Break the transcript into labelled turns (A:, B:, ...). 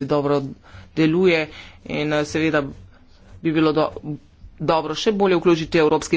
A: dobro deluje in seveda bi bilo do, dobro še bolje vključiti Evropski